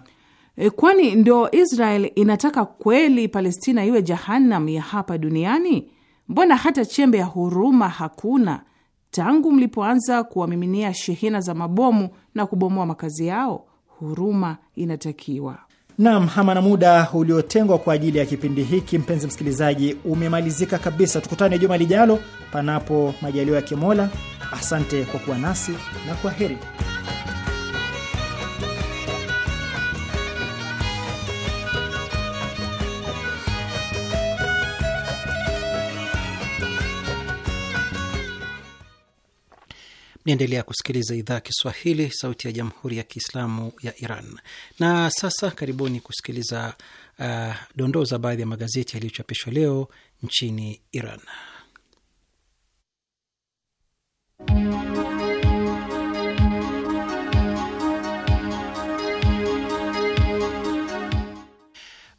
Eh, kwani ndo Israel inataka kweli Palestina iwe jahannam ya hapa duniani? Mbona hata chembe ya huruma hakuna tangu mlipoanza kuwamiminia shehena za mabomu na kubomoa makazi yao? Huruma inatakiwa. Naam, hama na muda uliotengwa kwa ajili ya kipindi hiki, mpenzi msikilizaji, umemalizika kabisa. Tukutane juma lijalo, panapo majaliwa ya Kimola. Asante kwa kuwa nasi na kwa heri. niendelea kusikiliza idhaa ya Kiswahili, sauti ya jamhuri ya kiislamu ya Iran. Na sasa karibuni kusikiliza uh, dondoo za baadhi ya magazeti yaliyochapishwa leo nchini Iran.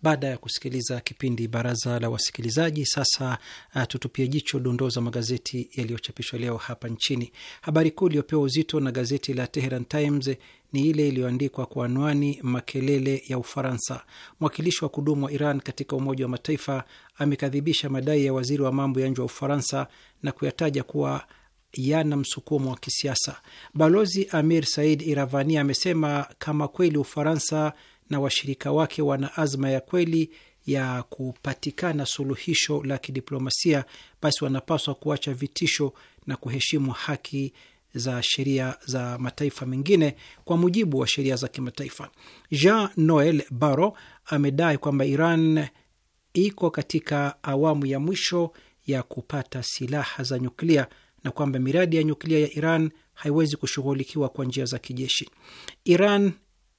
Baada ya kusikiliza kipindi Baraza la Wasikilizaji, sasa uh, tutupie jicho dondoo za magazeti yaliyochapishwa leo hapa nchini. Habari kuu iliyopewa uzito na gazeti la Teheran Times ni ile iliyoandikwa kwa anwani makelele ya Ufaransa. Mwakilishi wa kudumu wa Iran katika Umoja wa Mataifa amekadhibisha madai ya waziri wa mambo ya nje wa Ufaransa na kuyataja kuwa yana msukumo wa kisiasa. Balozi Amir Said Iravani amesema kama kweli Ufaransa na washirika wake wana azma ya kweli ya kupatikana suluhisho la kidiplomasia, basi wanapaswa kuacha vitisho na kuheshimu haki za sheria za mataifa mengine kwa mujibu wa sheria za kimataifa. Jean Noel baro amedai kwamba Iran iko katika awamu ya mwisho ya kupata silaha za nyuklia na kwamba miradi ya nyuklia ya Iran haiwezi kushughulikiwa kwa njia za kijeshi. Iran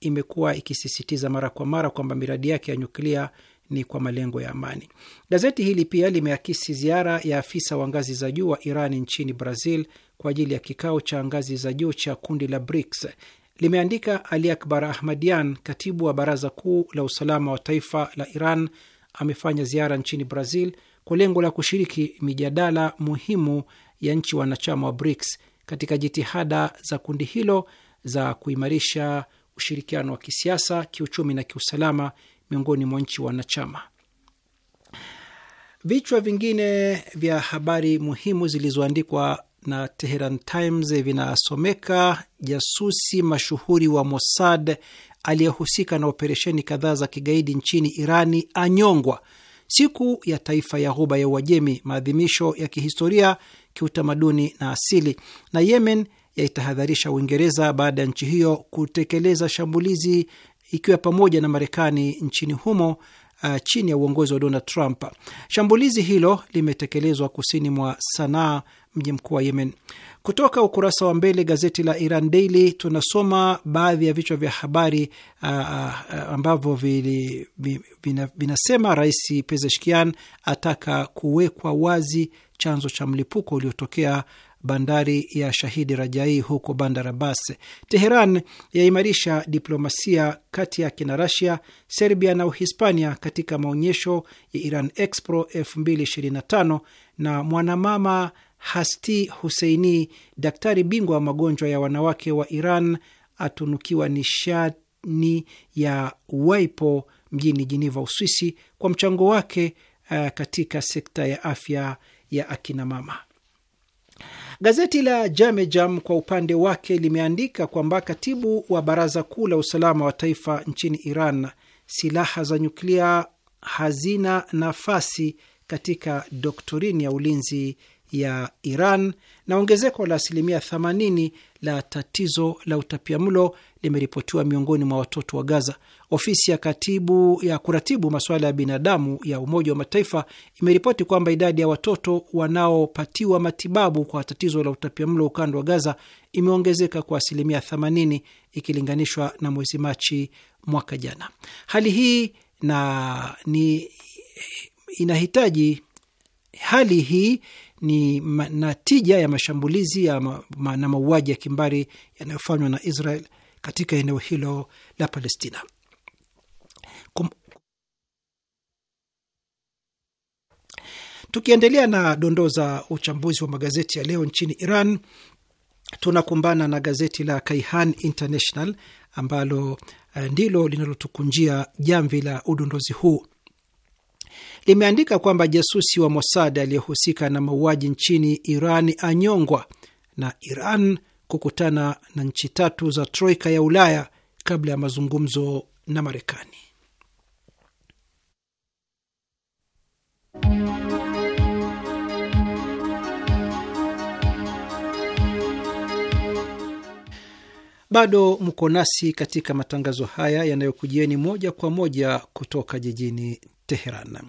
imekuwa ikisisitiza mara kwa mara kwamba miradi yake ya nyuklia ni kwa malengo ya amani. Gazeti hili pia limeakisi ziara ya afisa wa ngazi za juu wa Iran nchini Brazil kwa ajili ya kikao cha ngazi za juu cha kundi la BRICS. Limeandika, Ali Akbar Ahmadian, katibu wa baraza kuu la usalama wa taifa la Iran, amefanya ziara nchini Brazil kwa lengo la kushiriki mijadala muhimu ya nchi wanachama wa BRICS katika jitihada za kundi hilo za kuimarisha ushirikiano wa kisiasa, kiuchumi na kiusalama miongoni mwa nchi wanachama. Vichwa vingine vya habari muhimu zilizoandikwa na Teheran Times vinasomeka: jasusi mashuhuri wa Mossad aliyehusika na operesheni kadhaa za kigaidi nchini Irani anyongwa. Siku ya Taifa ya Ghuba ya Uajemi, maadhimisho ya kihistoria, kiutamaduni na asili. Na Yemen yaitahadharisha Uingereza baada ya nchi hiyo kutekeleza shambulizi ikiwa pamoja na Marekani nchini humo uh, chini ya uongozi wa Donald Trump. Shambulizi hilo limetekelezwa kusini mwa Sanaa, mji mkuu wa Yemen. Kutoka ukurasa wa mbele gazeti la Iran Daily tunasoma baadhi ya vichwa vya habari uh, uh, ambavyo vinasema vina, Rais Pezeshkian ataka kuwekwa wazi chanzo cha mlipuko uliotokea bandari ya Shahidi Rajai huko Bandar Abbas. Teheran yaimarisha diplomasia kati yake na Rasia, Serbia na Uhispania katika maonyesho ya Iran Expo 2025 na mwanamama Hasti Huseini, daktari bingwa wa magonjwa ya wanawake wa Iran, atunukiwa nishani ya Waipo mjini Jiniva, Uswisi, kwa mchango wake uh, katika sekta ya afya ya akinamama. Gazeti la Jamejam kwa upande wake limeandika kwamba katibu wa baraza kuu la usalama wa taifa nchini Iran, silaha za nyuklia hazina nafasi katika doktorini ya ulinzi ya Iran na ongezeko la asilimia 80 la tatizo la utapiamlo limeripotiwa miongoni mwa watoto wa Gaza. Ofisi ya katibu ya kuratibu masuala ya binadamu ya Umoja wa Mataifa imeripoti kwamba idadi ya watoto wanaopatiwa matibabu kwa tatizo la utapiamlo ukanda wa Gaza imeongezeka kwa asilimia 80 ikilinganishwa na mwezi Machi mwaka jana. Hali hii na ni inahitaji hali hii ni natija ya mashambulizi ya ma, ma, na mauaji ya kimbari yanayofanywa na Israel katika eneo hilo la Palestina. Kum... Tukiendelea na dondoo za uchambuzi wa magazeti ya leo nchini Iran, tunakumbana na gazeti la Kaihan International ambalo eh, ndilo linalotukunjia jamvi la udondozi huu limeandika kwamba jasusi wa Mossad aliyehusika na mauaji nchini Iran anyongwa na Iran kukutana na nchi tatu za troika ya Ulaya kabla ya mazungumzo na Marekani. Bado mko nasi katika matangazo haya yanayokujieni moja kwa moja kutoka jijini Teheran.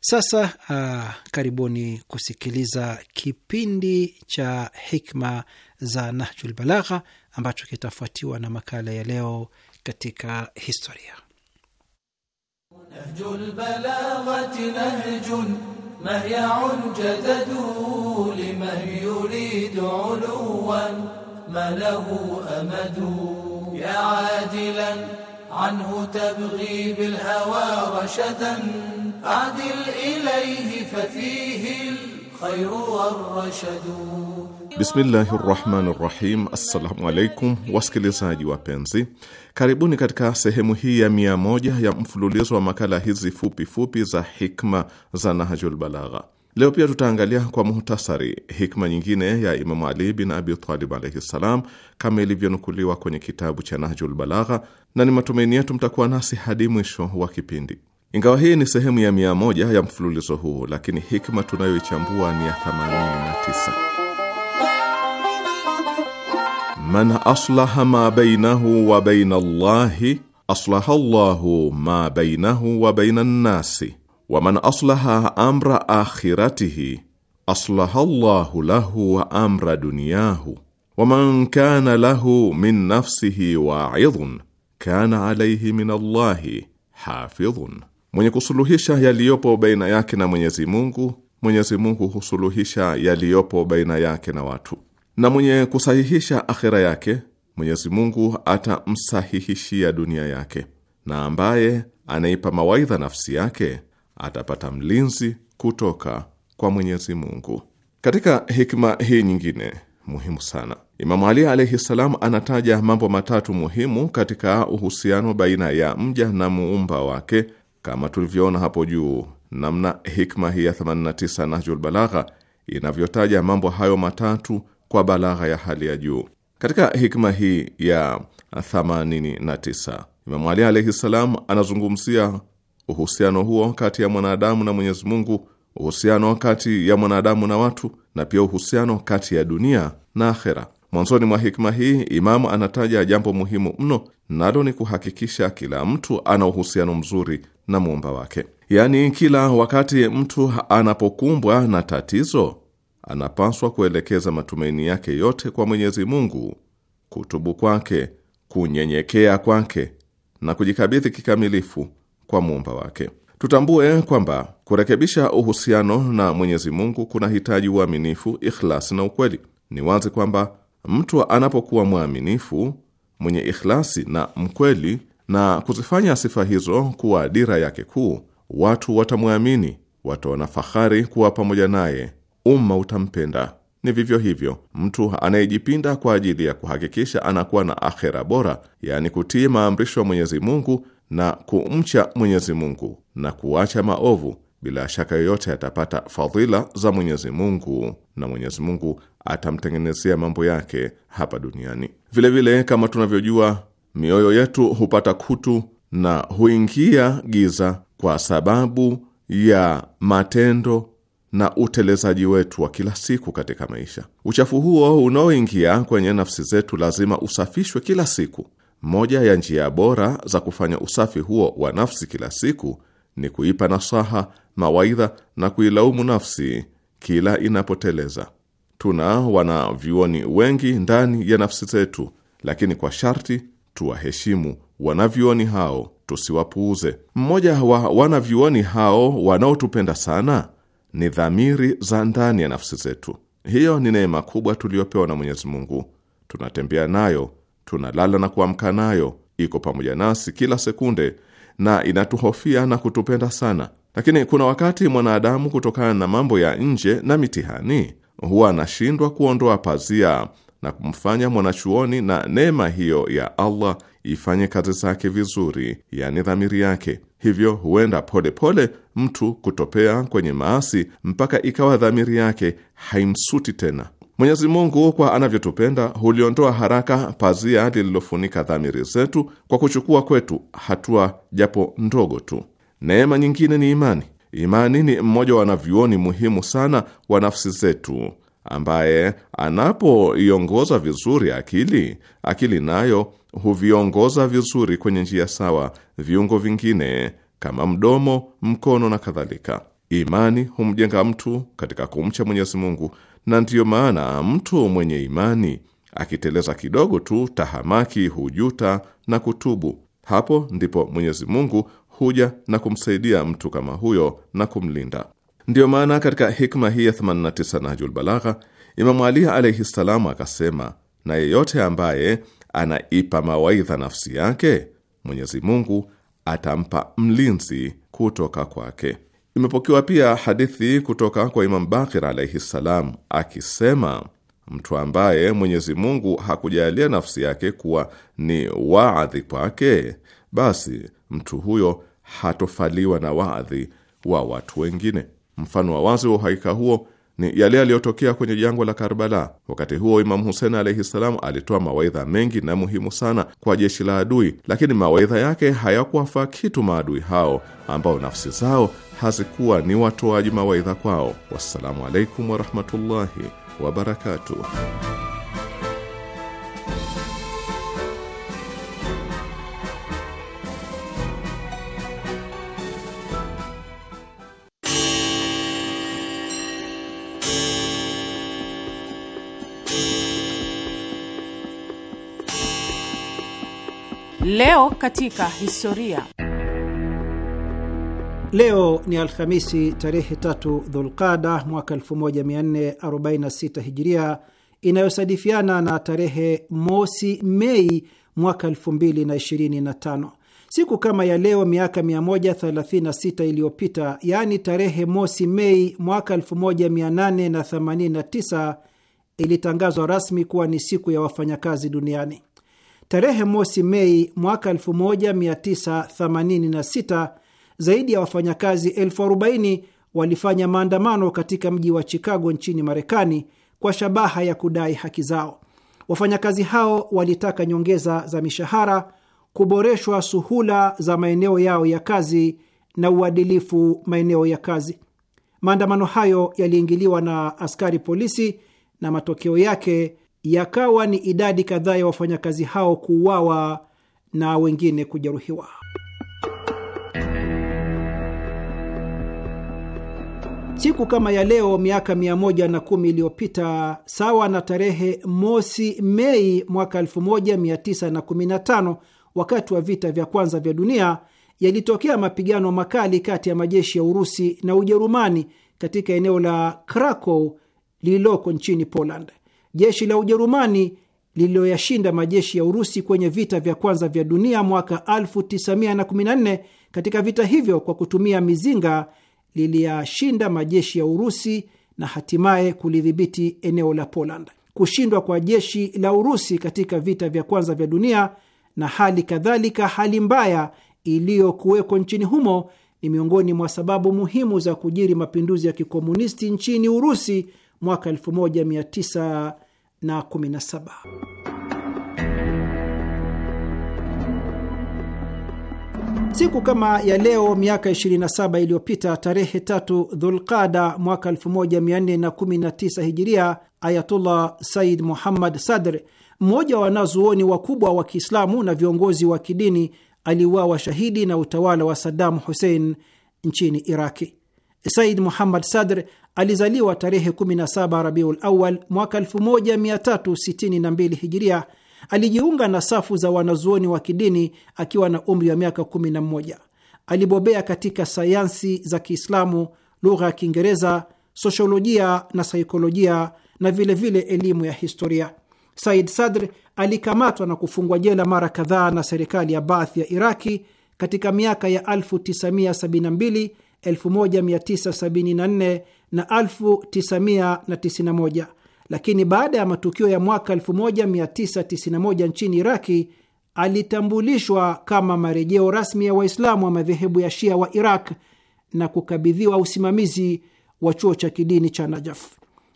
Sasa uh, karibuni kusikiliza kipindi cha hikma za Nahjul Balagha ambacho kitafuatiwa na makala ya leo katika historia. Nahjul Balaghati nahjun mahyaun jadadu liman yuridu uluwan ma lahu amadu ya adilan عنه تبغي بالهوى رشدا أعدل إليه ففيه الخير والرشد Bismillahi rahmani rahim. Assalamu alaikum wasikilizaji wapenzi, karibuni katika sehemu hii ya mia moja ya mfululizo wa makala hizi fupi fupi za hikma za Nahjul Balagha. Leo pia tutaangalia kwa muhtasari hikma nyingine ya Imamu Ali bin Abi Talib alaihi ssalam, kama ilivyonukuliwa kwenye kitabu cha Nahjul Balagha, na ni matumaini yetu mtakuwa nasi hadi mwisho wa kipindi. Ingawa hii ni sehemu ya mia moja ya mfululizo huu, lakini hikma tunayoichambua ni ya 89 Man aslaha ma bainahu wa baina llahi aslaha llahu ma bainahu wa baina nnasi waman aslaha amra akhiratihi aslaha Allahu lahu wa amra dunyahu man kana lahu min nafsihi waidhun kana alayhi min Allahi hafidhun, mwenye kusuluhisha yaliyopo baina yake na Mwenyezi Mungu, Mwenyezi Mungu husuluhisha yaliyopo baina yake na watu, na mwenye kusahihisha akhira yake, Mwenyezi Mungu atamsahihishia dunia yake, na ambaye anaipa mawaidha nafsi yake atapata mlinzi kutoka kwa Mwenyezi Mungu. Katika hikma hii nyingine muhimu sana, Imamu Ali alaihi ssalam anataja mambo matatu muhimu katika uhusiano baina ya mja na muumba wake, kama tulivyoona hapo juu namna hikma hii ya 89 Nahjul Balagha inavyotaja mambo hayo matatu kwa balagha ya hali ya juu. Katika hikma hii ya 89 Imamu Ali alaihi ssalam anazungumzia uhusiano huo kati ya mwanadamu na Mwenyezi Mungu, uhusiano kati ya mwanadamu na watu, na pia uhusiano kati ya dunia na akhera. Mwanzoni mwa hikma hii Imamu anataja jambo muhimu mno, nalo ni kuhakikisha kila mtu ana uhusiano mzuri na muumba wake. Yaani, kila wakati mtu anapokumbwa na tatizo, anapaswa kuelekeza matumaini yake yote kwa Mwenyezi Mungu, kutubu kwake, kunyenyekea kwake na kujikabidhi kikamilifu kwa muumba wake. Tutambue kwamba kurekebisha uhusiano na Mwenyezi Mungu hitaji uaminifu, ikhlasi na ukweli. Ni wazi kwamba mtu anapokuwa mwaminifu, mwenye ikhlasi na mkweli na kuzifanya sifa hizo kuwa dira yake kuu, watu watamwamini, wataona fahari kuwa pamoja naye, umma utampenda. Ni vivyo hivyo mtu anayejipinda kwa ajili ya kuhakikisha anakuwa na akhera bora, yaani kutii maamrisho ya Mwenyezi Mungu na kumcha Mwenyezi Mungu na kuacha maovu, bila shaka yoyote atapata fadhila za Mwenyezi Mungu na Mwenyezi Mungu atamtengenezea mambo yake hapa duniani. Vilevile vile, kama tunavyojua mioyo yetu hupata kutu na huingia giza kwa sababu ya matendo na utelezaji wetu wa kila siku katika maisha. Uchafu huo unaoingia kwenye nafsi zetu lazima usafishwe kila siku, moja ya njia bora za kufanya usafi huo wa nafsi kila siku ni kuipa nasaha, mawaidha na kuilaumu nafsi kila inapoteleza. Tuna wanavyuoni wengi ndani ya nafsi zetu, lakini kwa sharti tuwaheshimu wanavyuoni hao, tusiwapuuze. Mmoja wa wanavyuoni hao wanaotupenda sana ni dhamiri za ndani ya nafsi zetu. Hiyo ni neema kubwa tuliyopewa na Mwenyezi Mungu, tunatembea nayo tunalala na kuamka nayo, iko pamoja nasi kila sekunde na inatuhofia na kutupenda sana. Lakini kuna wakati mwanadamu, kutokana na mambo ya nje na mitihani, huwa anashindwa kuondoa pazia na kumfanya mwanachuoni na neema hiyo ya Allah ifanye kazi zake vizuri, yani dhamiri yake. Hivyo huenda polepole pole mtu kutopea kwenye maasi mpaka ikawa dhamiri yake haimsuti tena. Mwenyezi Mungu kwa anavyotupenda huliondoa haraka pazia lililofunika dhamiri zetu kwa kuchukua kwetu hatua japo ndogo tu. Neema nyingine ni imani. Imani ni mmoja wa wanavyuoni muhimu sana wa nafsi zetu, ambaye anapoiongoza vizuri akili, akili nayo huviongoza vizuri kwenye njia sawa viungo vingine kama mdomo, mkono na kadhalika. Imani humjenga mtu katika kumcha Mwenyezi Mungu na ndiyo maana mtu mwenye imani akiteleza kidogo tu tahamaki hujuta na kutubu. Hapo ndipo Mwenyezi Mungu huja na kumsaidia mtu kama huyo na kumlinda. Ndiyo maana katika hikma hii ya 89 Nahjul Balagha, Imamu Ali alaihi ssalamu akasema, na yeyote ambaye anaipa mawaidha nafsi yake Mwenyezi Mungu atampa mlinzi kutoka kwake. Imepokewa pia hadithi kutoka kwa Imam Bakir alaihi ssalam akisema, mtu ambaye Mwenyezi Mungu hakujalia nafsi yake kuwa ni waadhi kwake, basi mtu huyo hatofaliwa na waadhi wa watu wengine. Mfano wa wazi wa uhakika huo ni yale yaliyotokea kwenye jangwa la Karbala. Wakati huo Imamu Husen alaihi ssalam alitoa mawaidha mengi na muhimu sana kwa jeshi la adui, lakini mawaidha yake hayakuwafaa kitu maadui hao ambao nafsi zao hazikuwa ni watoaji mawaidha kwao. Wassalamu alaikum warahmatullahi wabarakatuh. Leo katika historia Leo ni Alhamisi tarehe tatu Dhulqada mwaka 1446 Hijiria, inayosadifiana na tarehe mosi Mei mwaka 2025. Siku kama ya leo miaka 136 iliyopita, yaani tarehe mosi Mei mwaka 1889 ilitangazwa rasmi kuwa ni siku ya wafanyakazi duniani. Tarehe mosi Mei mwaka 1986 zaidi ya wafanyakazi elfu arobaini walifanya maandamano katika mji wa Chicago nchini Marekani kwa shabaha ya kudai haki zao. Wafanyakazi hao walitaka nyongeza za mishahara, kuboreshwa suhula za maeneo yao ya kazi na uadilifu maeneo ya kazi. Maandamano hayo yaliingiliwa na askari polisi na matokeo yake yakawa ni idadi kadhaa ya wafanyakazi hao kuuawa na wengine kujeruhiwa. Siku kama ya leo miaka 110 iliyopita, sawa na tarehe mosi Mei mwaka 1915, wakati wa vita vya kwanza vya dunia, yalitokea mapigano makali kati ya majeshi ya Urusi na Ujerumani katika eneo la Krakow lililoko nchini Poland. Jeshi la Ujerumani lililoyashinda majeshi ya Urusi kwenye vita vya kwanza vya dunia mwaka 1914. Katika vita hivyo, kwa kutumia mizinga liliyashinda majeshi ya Urusi na hatimaye kulidhibiti eneo la Poland. Kushindwa kwa jeshi la Urusi katika vita vya kwanza vya dunia na hali kadhalika hali mbaya iliyokuweko nchini humo ni miongoni mwa sababu muhimu za kujiri mapinduzi ya kikomunisti nchini Urusi mwaka 1917. Siku kama ya leo miaka 27 iliyopita, tarehe tatu Dhulqada mwaka 1419 Hijiria, Ayatullah Said Muhammad Sadr, mmoja wa wanazuoni wakubwa wa Kiislamu na viongozi wa kidini, aliuawa shahidi na utawala wa Saddam Hussein nchini Iraki. Said Muhammad Sadr alizaliwa tarehe 17 Rabiul Awal mwaka 1362 Hijiria Alijiunga na safu za wanazuoni wa kidini akiwa na umri wa miaka 11 Alibobea katika sayansi za Kiislamu, lugha ya Kiingereza, sosiolojia na saikolojia na vilevile vile elimu ya historia. Said Sadr alikamatwa na kufungwa jela mara kadhaa na serikali ya Baath ya Iraki katika miaka ya 1972, 1974 na 1991 lakini baada ya matukio ya mwaka 1991 nchini Iraki alitambulishwa kama marejeo rasmi ya Waislamu wa madhehebu ya Shia wa Iraq na kukabidhiwa usimamizi wa chuo cha kidini cha Najaf.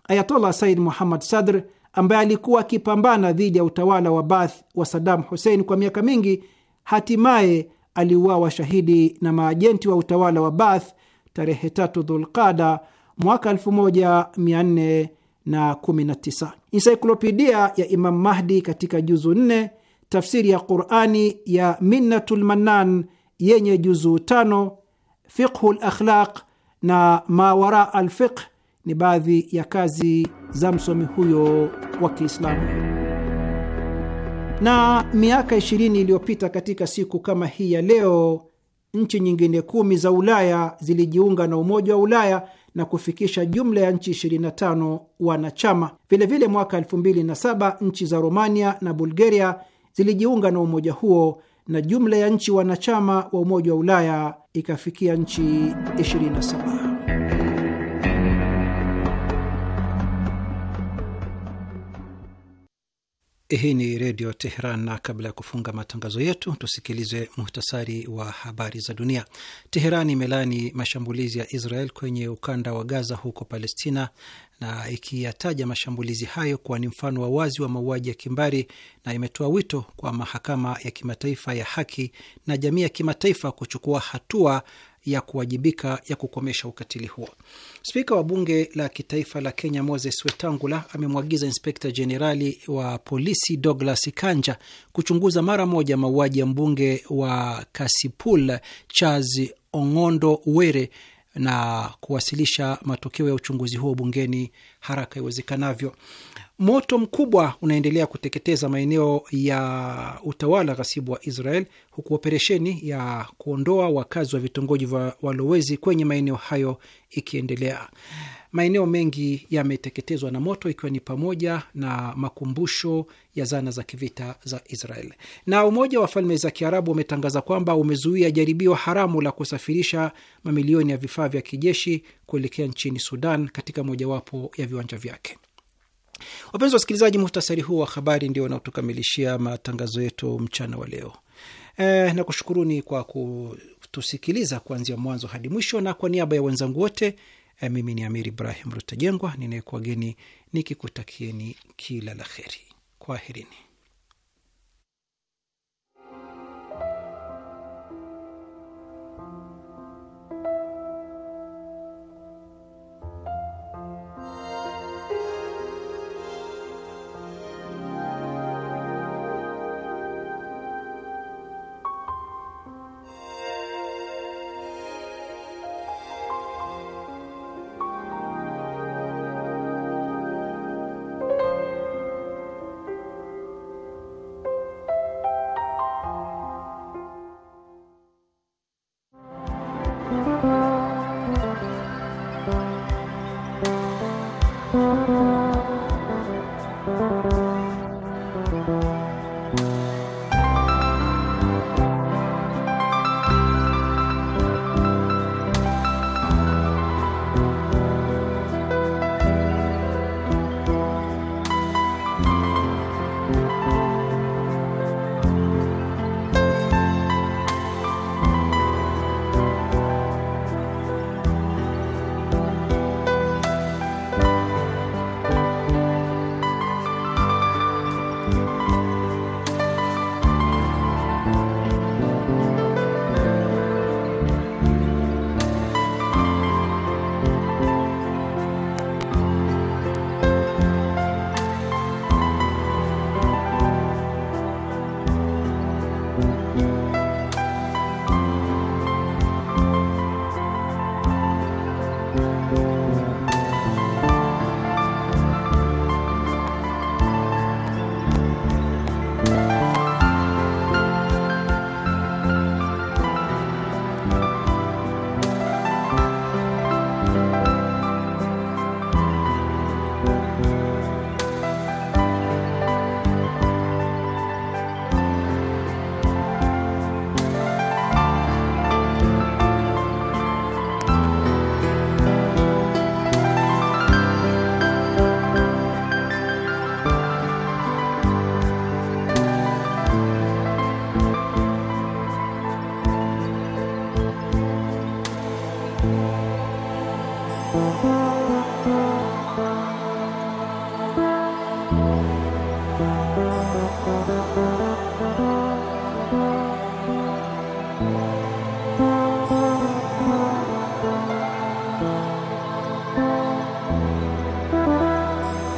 Ayatollah Said Muhammad Sadr, ambaye alikuwa akipambana dhidi ya utawala wa Baath wa Saddam Hussein kwa miaka mingi, hatimaye aliuawa shahidi na maajenti wa utawala wa Baath tarehe 3 Dhulqada mwaka 1400 na 19. Ensyklopidia ya Imam Mahdi katika juzu nne tafsiri ya Qurani ya Minnatul Mannan yenye juzu tano Fiqhu Lakhlaq na Mawara Alfiqh ni baadhi ya kazi za msomi huyo wa Kiislamu. Na miaka 20 iliyopita katika siku kama hii ya leo, nchi nyingine kumi za Ulaya zilijiunga na Umoja wa Ulaya na kufikisha jumla ya nchi 25 wanachama. Vilevile mwaka 2007 nchi za Romania na Bulgaria zilijiunga na umoja huo na jumla ya nchi wanachama wa Umoja wa Ulaya ikafikia nchi 27. Hii ni Redio Teheran, na kabla ya kufunga matangazo yetu tusikilize muhtasari wa habari za dunia. Teheran imelaani mashambulizi ya Israel kwenye ukanda wa Gaza huko Palestina na ikiyataja mashambulizi hayo kuwa ni mfano wa wazi wa mauaji ya kimbari, na imetoa wito kwa mahakama ya kimataifa ya haki na jamii ya kimataifa kuchukua hatua ya kuwajibika ya kukomesha ukatili huo. Spika wa bunge la kitaifa la Kenya Moses Wetangula amemwagiza inspekta jenerali wa polisi Douglas Kanja kuchunguza mara moja mauaji ya mbunge wa Kasipul Charles Ong'ondo Were na kuwasilisha matokeo ya uchunguzi huo bungeni haraka iwezekanavyo. Moto mkubwa unaendelea kuteketeza maeneo ya utawala ghasibu wa Israel huku operesheni ya kuondoa wakazi wa vitongoji vya walowezi kwenye maeneo hayo ikiendelea. Maeneo mengi yameteketezwa na moto ikiwa ni pamoja na makumbusho ya zana za kivita za Israel. Na Umoja wa Falme za Kiarabu umetangaza kwamba umezuia jaribio haramu la kusafirisha mamilioni ya vifaa vya kijeshi kuelekea nchini Sudan katika mojawapo ya viwanja vyake. Wapenzi wasikilizaji, muhtasari huu wa habari ndio wanaotukamilishia matangazo yetu mchana wa leo. E, na kushukuruni kwa kutusikiliza kuanzia mwanzo hadi mwisho, na kwa niaba ya wenzangu wote e, mimi ni amir Ibrahim Rutajengwa ninayekuwageni nikikutakieni kila la heri. Kwaherini.